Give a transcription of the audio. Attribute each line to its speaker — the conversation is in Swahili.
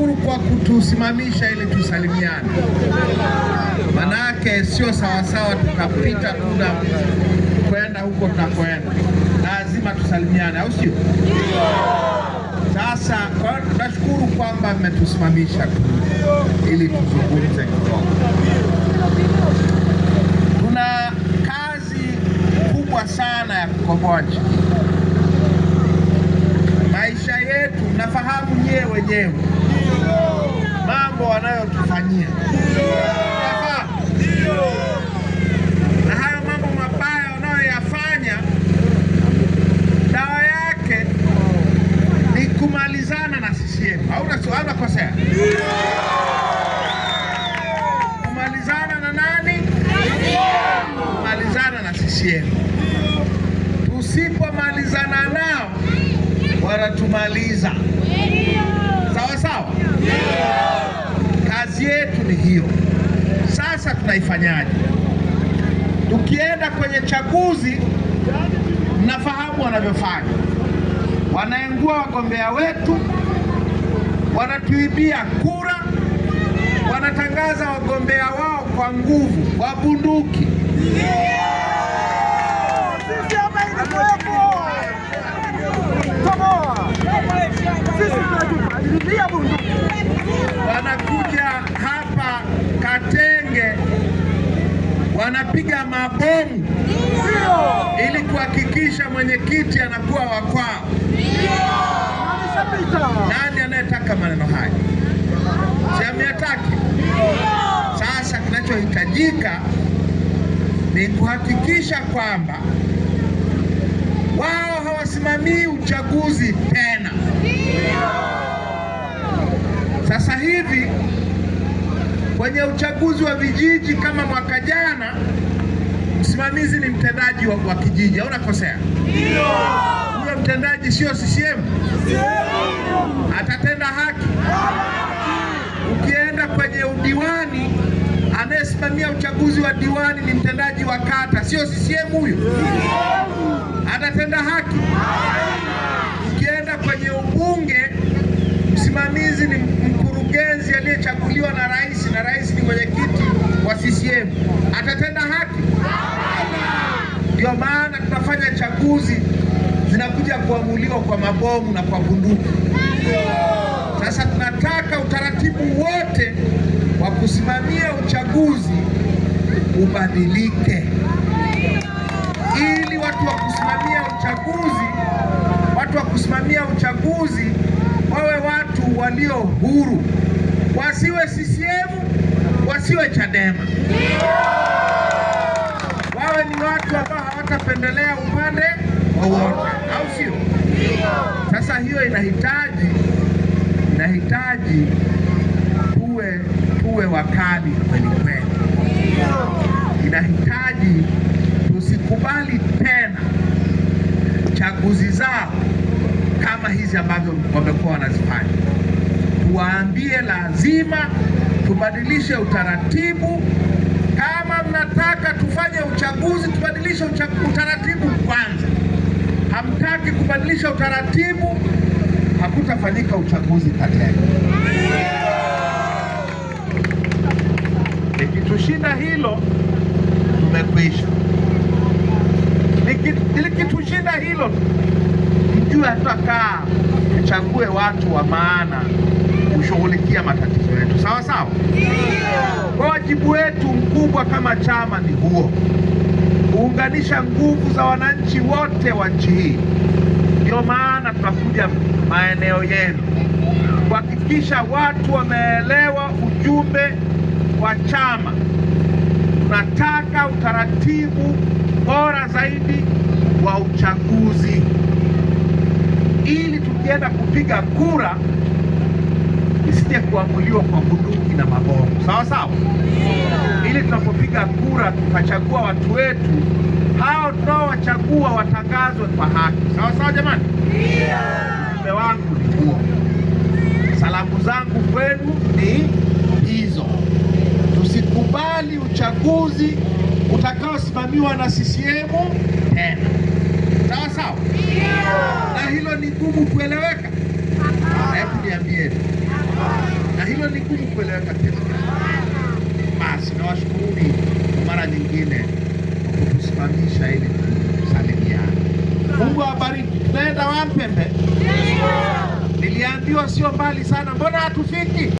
Speaker 1: tunashukuru kwa kutusimamisha ili tusalimiane, manake sio sawasawa tukapita kuna kwenda huko tunakwenda, lazima tusalimiane, au sio? Sasa tunashukuru kwamba mmetusimamisha ili tuzungumze kidogo. Tuna kazi kubwa sana ya kukomboa nchi, maisha yetu. nafahamu nyewe wenyewe mambo wanayotufanyia na hayo mambo mabaya wanayoyafanya, dawa yake ni kumalizana na CCM. Au nakosea? Kumalizana na nani? Kumalizana na CCM. Tusipomalizana nao wanatumaliza. Sawa sawa? kazi yetu ni hiyo. Sasa tunaifanyaje? Tukienda kwenye chaguzi, mnafahamu wanavyofanya, wanaengua wagombea wetu, wanatuibia kura, wanatangaza wagombea wao kwa nguvu, kwa bunduki. wanapiga mabomu ili kuhakikisha mwenyekiti anakuwa wa kwao. Nani anayetaka maneno haya? Siamyataki. Sasa kinachohitajika ni kuhakikisha kwamba wao hawasimamii uchaguzi tena. Sasa hivi Kwenye uchaguzi wa vijiji kama mwaka jana, msimamizi ni mtendaji wa, wa kijiji au nakosea? Ndio. Huyo mtendaji sio CCM? Atatenda haki? Ukienda kwenye udiwani, anayesimamia uchaguzi wa diwani ni mtendaji wa kata, sio CCM huyo? Atatenda haki? CCM atatenda haki? Ndio maana tunafanya chaguzi zinakuja kuamuliwa kwa mabomu na kwa bunduki. Sasa tunataka utaratibu wote wa kusimamia uchaguzi ubadilike, ili watu wa kusimamia uchaguzi watu wa kusimamia uchaguzi wawe watu walio huru, wasiwe sisi wasiwe Chadema, wawe ni watu ambao hawatapendelea upande wowote, au sio? Sasa hiyo inahitaji inahitaji tuwe tuwe wakali kweli kweli, inahitaji tusikubali tena chaguzi zao kama hizi ambavyo wamekuwa wanazifanya, tuwaambie lazima tubadilishe utaratibu. Kama mnataka tufanye uchaguzi, tubadilishe utaratibu kwanza. Hamtaki kubadilisha utaratibu, hakutafanyika uchaguzi Katenge. Nikitushinda hilo, tumekwisha. Nikitushinda hilo, mjue hatutakaa tuchague watu wa maana kushughulikia matatizo yetu, sawa sawa. Kwa wajibu wetu mkubwa kama chama ni huo, kuunganisha nguvu za wananchi wote wa nchi hii. Ndio maana tunakuja maeneo yenu kuhakikisha watu wameelewa ujumbe wa chama. Tunataka utaratibu bora zaidi wa uchaguzi ili tukienda kupiga kura isije kuamuliwa kwa bunduki na mabomu, sawa sawa, ili tunapopiga kura tukachagua watu wetu hao tunaowachagua watangazwe kwa haki, sawa sawa. Jamani, mume wangu ni huo, salamu zangu kwenu ni hizo. Tusikubali uchaguzi utakaosimamiwa na CCM tena, sawa sawa, na hilo ni gumu kuelewa. kuweka kesho. Basi kwa mara nyingine kwa kutusimamisha ili tusalimiane. Mungu awabariki. Tunaenda Wampembe, niliambiwa sio mbali sana, mbona hatufiki?